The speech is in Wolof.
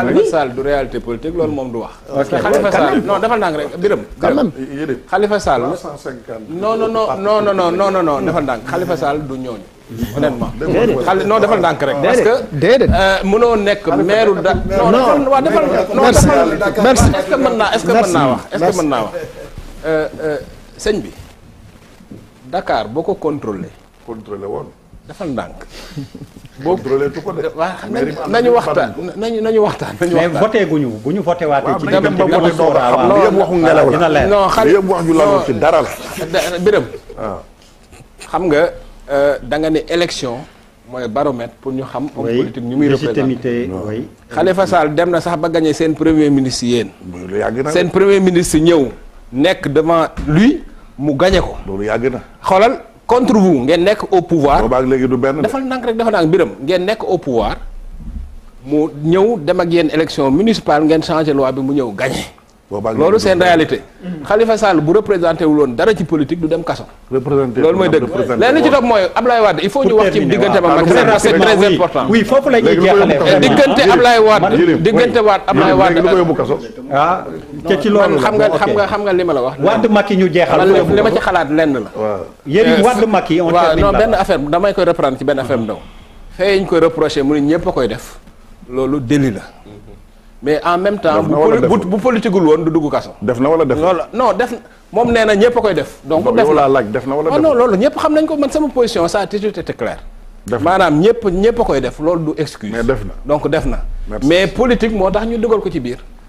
Khalifa Sall du réalité politique loolu moom du wax. Khalifa Sall non defal ndànk rek biram biram Khalifa Sall. non non non non non non non defal ndànk Khalifa Sall du ñooñu. honnêtement xale non defal ndànk rek. parce que déedéet euh, mënoo nekk maire da. non non waaw defal non defal merci est ce naa est ce naa wax est ce naa wax. Euh, euh, sëñ bi Dakar boo ko contrôlé. contrôlé Bank. ndànk. contrôlé tu ko de. nañu waxtaan nañu nañu nañu waxtaan mais voté guñu bu voté waatee. ci diggante bi amul sóor waaw waaw waxu ngelaw la non xam li wax ñu laloon ci dara la. biram ah. xam nga euh, da nga ne élection mooy baromètre pour ñu xam. homme politique ñu muy représenté Khalifa Sall dem na sax ba premier ministre yéen. seen premier ministre devant lui mu ko. contre vous vous êtes au pouvoir Vous êtes au pouvoir Vous dem élection municipale loi bi mu loolu seen réalité Khalifa saal bu représenté wul woon dara ci politique du dem kaso loolu mooy dëgg léegi li ci topp mooy Ablaye Wade il faut ñu wax ci diggante ma Macky Sall diggante Ablaye Wade ah, xam nga xam nga xam nga li ma la wax Wade Macky ñu jeexal li ma ci xalaat la Yérim euh, Wade Macky on termine non benn affaire damay koy reprendre ci benn affaire ndaw feeñ koy reproché mu ne ñëpp a koy def loolu délit la mais en même temps bu politique won du def wala def non def non non ñepp koy def. donc def oh non non non wala def non non ñepp xam nañ ko man sama position ça a non claire. non a koy def non du excuse. mais donc def non mais politique non tax ñu non ko ci